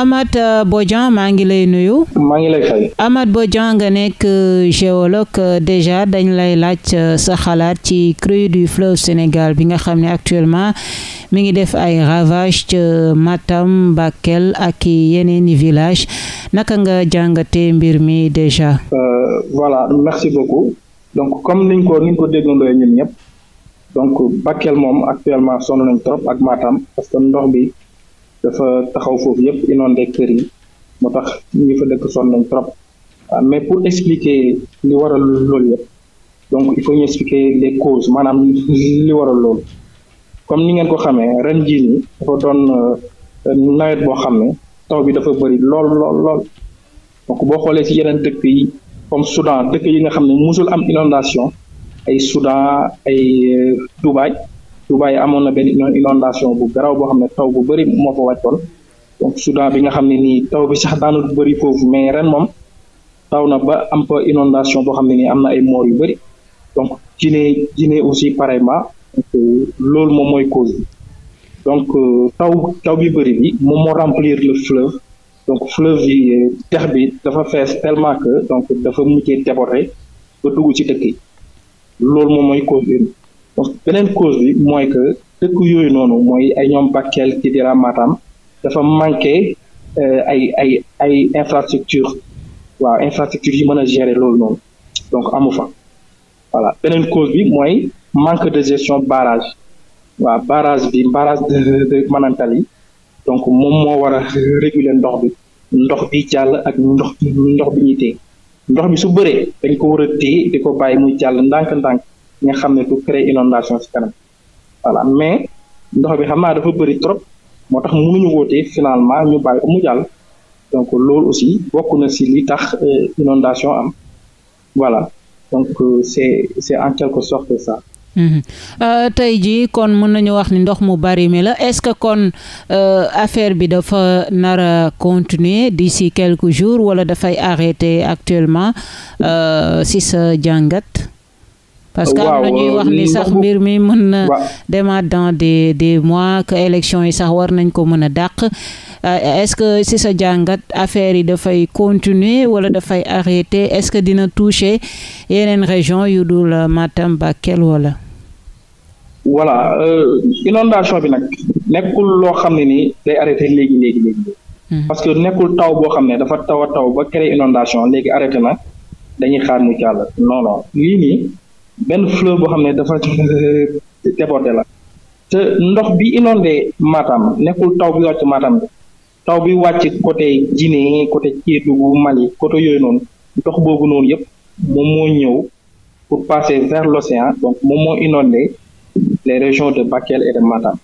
Amath euh, Bodian maa ngi lay nuyu. maa ngi lay fay. Amath Bodian nga nekk euh, géologue euh, déjà dañ lay laaj sa xalaat ci crue du fleuve Sénégal bi nga xam ne actuellement mi ngi def ay ravage ca Matam Bakel ak yeneen i village naka nga jàngatee mbir mi déjà. voilà merci beaucoup donc comme niñ ko niñ ko déggandoo ñun ñëpp donc Bakel moom actuellement sonn nañ trop ak Matam parce que ndox bi. dafa taxaw foofu yëpp inondé kër yi moo tax ñi fa dëkk sonn nañ trop ah, mais pour expliquer li waral loolu yëpp donc il faut ñu expliquer les causes maanaam li waral lool comme ni ngeen ko xamee ren jii nii dafa doon euh, nawet boo xam ne taw bi dafa bëri lool lool lool donc boo xoolee ci yeneen dëkk yi comme Soudan dëkk yi nga xam ne musul am inondation ay Soudan ay euh, Dubaï Touba yi amoon na benn inondation bu garaw boo xam ne taw bu bëri moo fa wàccoon donc Soudan bi nga xam ne nii taw bi sax daanul bëri foofu mais ren moom taw na ba am fa inondation boo xam ne ni am na ay moor yu bëri donc Guinée Guinée aussi pareillement loolu moom mooy cause bi donc euh, taw taw bi bëri bi moom moo remplir le fleuve donc fleuve yi dex bi dafa fees tellement donc dafa mujjee déborder ba dugg ci dëkk yi moom mooy cause bi donc beneen cause bi mooy que dëkku yooyu noonu mooy ay ñoom Bakel Kidira Matam dafa manqué euh, ay ay ay infrastructure waaw infrastructure yi mën a gérer loolu noonu donc amu fa voilà beneen cause bi mooy manque de gestion barage waa barage bi barrage de de Manantali donc moom moo war a réguler ndox bi ndox bi jàll ak ndox ndox bi ñuy te ndox bi su bëree dañ ko war a téye di ko bàyyi muy jàll ndànk-ndànk. nga xam ne du créer inondation ci kanam voilà mais ndox bi xam naa dafa bëri trop moo tax mënuñu wootee finalement ñu bàyyi ko mu jàll donc loolu aussi bokk na ci li tax euh, inondation am voilà donc euh, c'est c'est en quelque sorte ça mm-hmm. euh, tey jii kon mën nañu wax ni ndox mu bari mi la est-ce que kon affaire bi dafa nar a continuer d'ici quelques jours wala dafay arrêter actuellement ci sa jàngat parce que am na wax ni sax mbir mi mën na demaat dans des des mois que élection yi sax war nañ ko mën a dàq euh, est-ce que si sa jàngat affaire yi dafay continuer wala dafay arrêter est-ce que dina toucher yeneen région yu dul Matam Bakel wala voilà euh, inondation bi nag nekkul loo xam ne nii day arrêté léegi léegi léegi hmm. parce que nekkul taw boo xam ne dafa taw taw ba créer inondation léegi arrêté na dañuy xaar mu jàll non lii nii benn fleuve boo xam ne dafa débordé la te ndox bi inondé Matam nekkul taw bi wàcc Matam bi taw bi wàcc côté Guinée côté Kédougou Mali côté yooyu noonu ndox boobu noonu yëpp moom moo ñëw pour passer vers l'océan donc moom moo inondé les région de Bakel et de Matam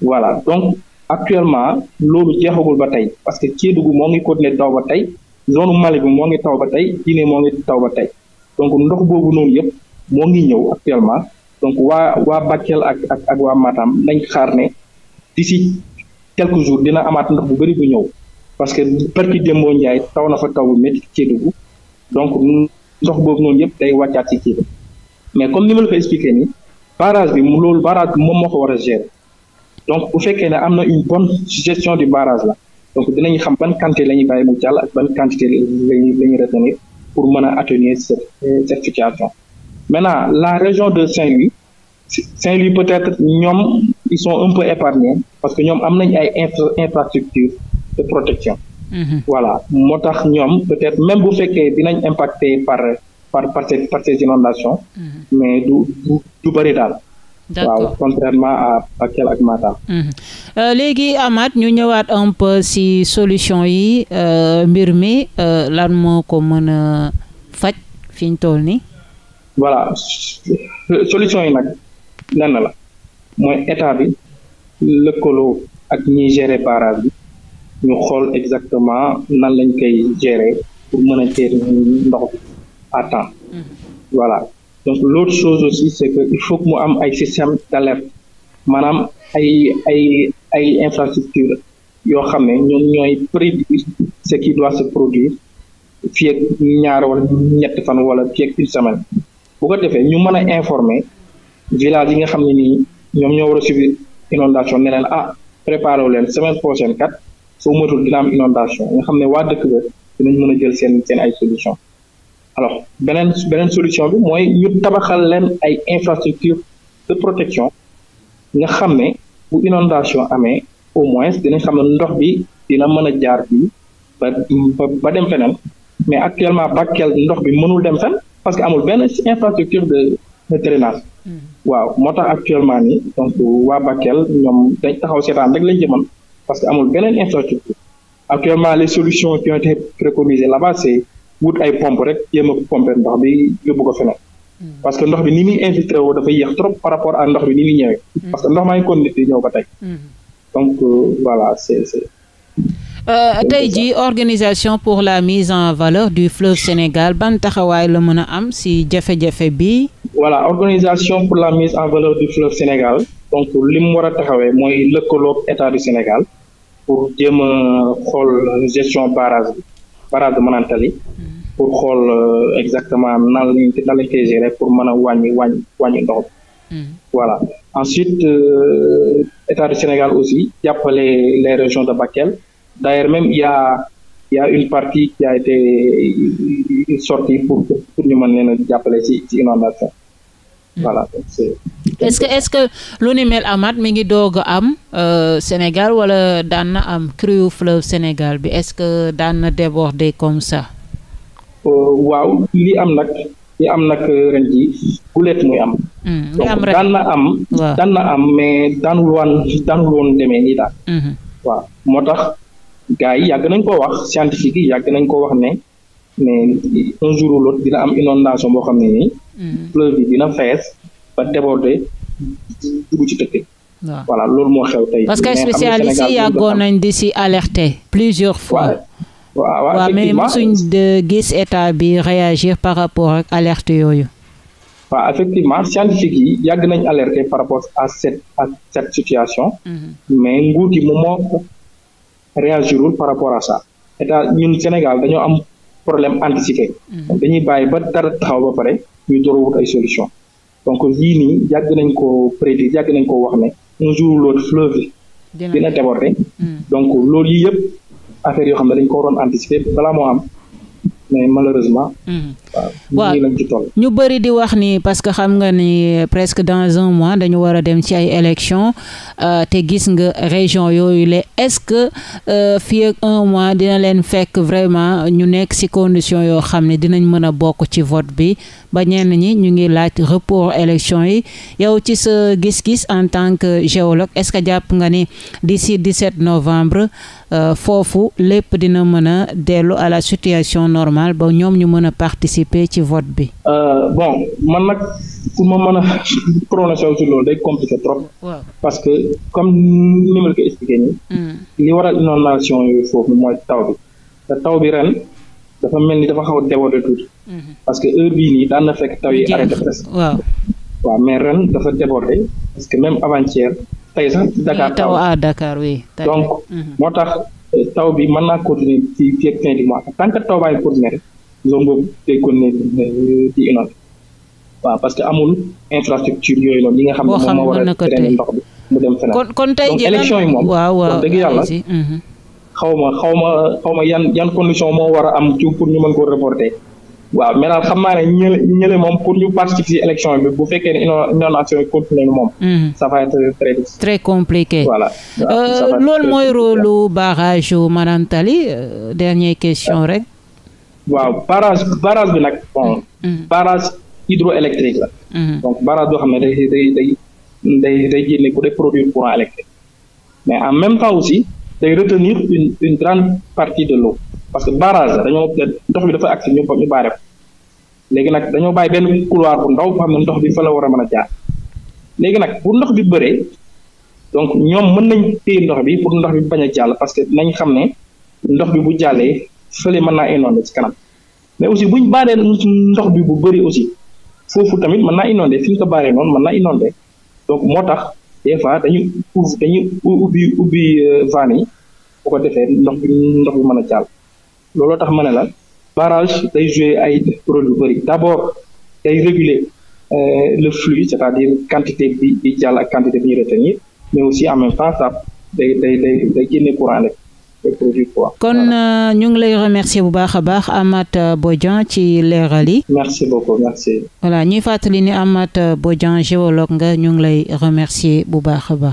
voilà donc actuellement loolu jeexagul ba tey parce que Kédougou moo ngi continuer taw ba tey zone Mali bi moo ngi taw ba tey Guinée moo ngi taw ba tey donc ndox boobu noonu yëpp moo ngi ñëw actuellement donc waa waa Bakel ak ak ak waa Matam nañ xaar ne d'ici quelques jours dina amaat ndox bu bëri bu ñëw parce que barki Dembo Ndiaye taw na fa taw bu métti Kédougou donc ndox boobu noonu yëpp day wàccaat ci Kédougou mais comme ni ma la ko expliqué nii barrage bi mu loolu barrage moom moo ko war a gérer donc bu fekkee ne am na une bonne gestion du barrage la donc dinañ xam ban quantité la ñuy bàyyi mu jàll ak ban quantité la ñuy la pour mën a atténuer cette cette Maintenant, la région de Saint-Louis, Saint-Louis peut-être ñoom ils sont un peu épargnés parce que ñoom am nañ ay infra infrastructures de protection. Mhm. Voilà moo tax ñoom peut-être même bu fekkee dinañ impacté par par par ces par ces inondations. Mmh. mais du du du bëri daal. d'accord waaw contrairement à Bakel ak Matam. Mhm. Euh, léegi ñu ñëwaat un peu si solution yi euh, mbir mi euh, lan moo ko mën a faj fiñ ñu toll nii. voilà solution yi nag lenn la mooy état bi lëkkaloo ak ñiy gérer barrage bi ñu xool exactement nan lañ koy gérer pour mën a teer ndox bi à temps mm-hmm. voilà donc l'autre chose aussi c'est que il faut que mu am ay système d'alerte maanaam ay ay ay infrastructure yoo xam ne ñoom ñooy prédire ce qui doit se produire fii ak ñaar wala ñett fan wala fii ak une semaine bu ko defee ñu mën a informer village yi nga xam ne nii ñoom ñoo war a subir inondation ne leen ah préparé wu leen semaine prochaine kat soo moytuwul dina am inondation nga xam ne waa dëkk ba dinañ mën a jël seen seen ay solution alors beneen beneen solution bi mooy ñu tabaxal leen ay infrastructure de protection nga xam ne bu inondation amee au moins dinañ xam ne ndox bi dina mën a jaar bi ba ba dem feneen mais actuellement Bakel ndox bi mënul dem fenn parce que amul benn infrastructure de de drainage. Hmm. waaw moo tax actuellement nii donc waa Bakel ñoom dañ taxaw seetaan rek lañ ci parce que amul beneen infrastructure actuellement les solutions qui ont été préconisées là-bas ay pompe rek jéem a pomper ndox bi yóbbu ko feneen. Hmm. parce que ndox bi ni muy infiltré woo dafa yéex trop par rapport à ndox bi ni muy hmm. parce que ndox maa ngi continué di ñëw ba tey. donc euh, voilà Euh, tey jii organisation pour la mise en valeur du fleuve Sénégal ban taxawaay la mën a am si jafe-jafe bi. voilà organisation pour la mise en valeur du fleuve Sénégal donc li mu war a taxawee mooy lëkkaloog état du Sénégal pour jéem a xool gestion barrage bi barrage de Manantali pour xool euh, exactement nan lañ nan lañ pour mën a wàññi wàññi wàññi ndox bi hmm. voilà ensuite euh, état du Sénégal aussi jàppale les régions de Bakel. D'ailleurs, même, il y une partie qui a été sortie pour, pour nous mener d'appeler si inondation. Hmm. est-ce que est-ce que lu ni mel amaat mi ngi doog am euh, Sénégal wala daan na am crue fleuve Sénégal bi est-ce que daan na déborder comme ça. Euh, waaw li am nag li am nag euh, ren guleet muy am. Hmm, li am daan am. mais daanul woon daanul woon demee nii daal. Hmm, moo tax gars yi yàgg nañ koo wax scientifique yi yàgg nañ ko wax ne ne un jour ou l'autre dina am inondation boo xam ne nii. Mm. fleuve bi dina fees ba déborder dugg ci dëkk voilà loolu moo xew tey. parce que spécialistes yi yàggoon nañ di si alerter plusieurs fois. waaw waaw mais mosuñ de gis état bi réagir par rapport ak alerte yooyu. waaw effectivement scientifique yi yàgg nañ alerter par rapport à cette situation. Mm-hmm. mais nguur gi moom moo réagirul par rapport à ça état ñun Sénégal dañoo am problème anticipé mm-hmm. dañuy bàyyi ba dara taxaw ba pare ñu door wut ay solution donc yii nii yàgg nañ ko prédire yàgg nañ ko wax ne un jour l'autre fleuve bi dina déborder mm-hmm. donc loolu yi yëpp affaire yoo xam ne dañ ko waroon anticiper balaa moo am mais malheureusement mm-hmm. waaw ñu bëri di wax ni parce que xam nga ni presque dans un mois dañu war a dem ci ay élections euh, te gis nga région yooyu le est-ce que euh, fii ak un mois dina leen fekk vraiment ñu nekk ci condition yoo xam ne dinañ mën a bokk ci vote bi ba ñenn ñi ñu ngi laaj report élection yi yow ci sa gis-gis en tant que géologue est-ce que jàpp nga ni d'ici 17 novembre euh, foofu lépp dina mën a dellu à la situation normale ba ñoom ñu mën a participer ci vote bi. Euh, bon man nag pour ma mën a prononcé wu ci loolu day compliqué trop. parce que comme ni ma la ko expliqué nii. Hmm. li waral inondation yooyu foofu mooy taw bi te taw bi ren dafa mel ni dafa xaw a déborder hmm. parce que heure bi nii daan na fekk taw yi arrêté presque. waaw mais ren dafa déborder parce que même avant-hier tey sax hmm, Dakar taw ah Dakar oui. donc moo tax euh, taw bi mën naa continuer ci fii ak fin du mois tant que taw baa ngi continuer rek zone boobu day continuer di inondé waaw parce que amul infrastructure yooyu noonu yi nga xam ne moom moo a traiter ndox bi mu dem feneen kon kon tey jii élection yi moom waaw waaw dëgg yàlla mhm. xaw ma xaw ma xaw ma yan yan condition moo war a am ci pour ñu mën ko reporter waaw mais xam naa ñële moom pour ñu participer ci élection bi bu fekkee ne yi continue moom. Mhm. ça compliqué voilà. Euh, mooy rôle lu barrage Maram Tally euh, question rek. waaw barrage barrage bi nag bon. Mm. Mm. barrage hydroélectrique la. Mm. donc barrage boo xam ne day day day day day génne ko day produire courant électrique mais en même temps aussi day retenir une une grande partie de l'eau parce que barrage dañoo ndox bi dafa agsi ñu ñu baare léegi nag dañoo bàyyi benn couloir bu ndaw boo xam ne ndox bi fa la war a mën a jaar léegi nag bu ndox bi bëree donc ñoom mën nañ téye ndox bi pour ndox bi bañ a jàll parce que nañ xam ne ndox bi bu jàllee. fële man naa inondé ci kanam mais aussi buñ baaree ndox bi bu bëri aussi foofu tamit mën naa inondé fi ñu ko baaree man mën naa donc moo tax des fois dañuy uuf dañu ubbi ubbi euh, vanne yi bu ko defee ndox bi ndox bi mën a jàll looloo tax ma ne la barrage day jouer ay rôle yu bëri d' abord day réguler euh, le flux c' est à dire quantité bi di jàll ak quantité bi ñu retenir mais aussi en même temps ça day day day day génne courant rek kon euh, ñu ngi lay remercier bu baax a baax Amath Bodian ci leeral yi. ñuy fàttali ni Amath Bodian géologue nga ñu ngi lay remercier bu baax a baax.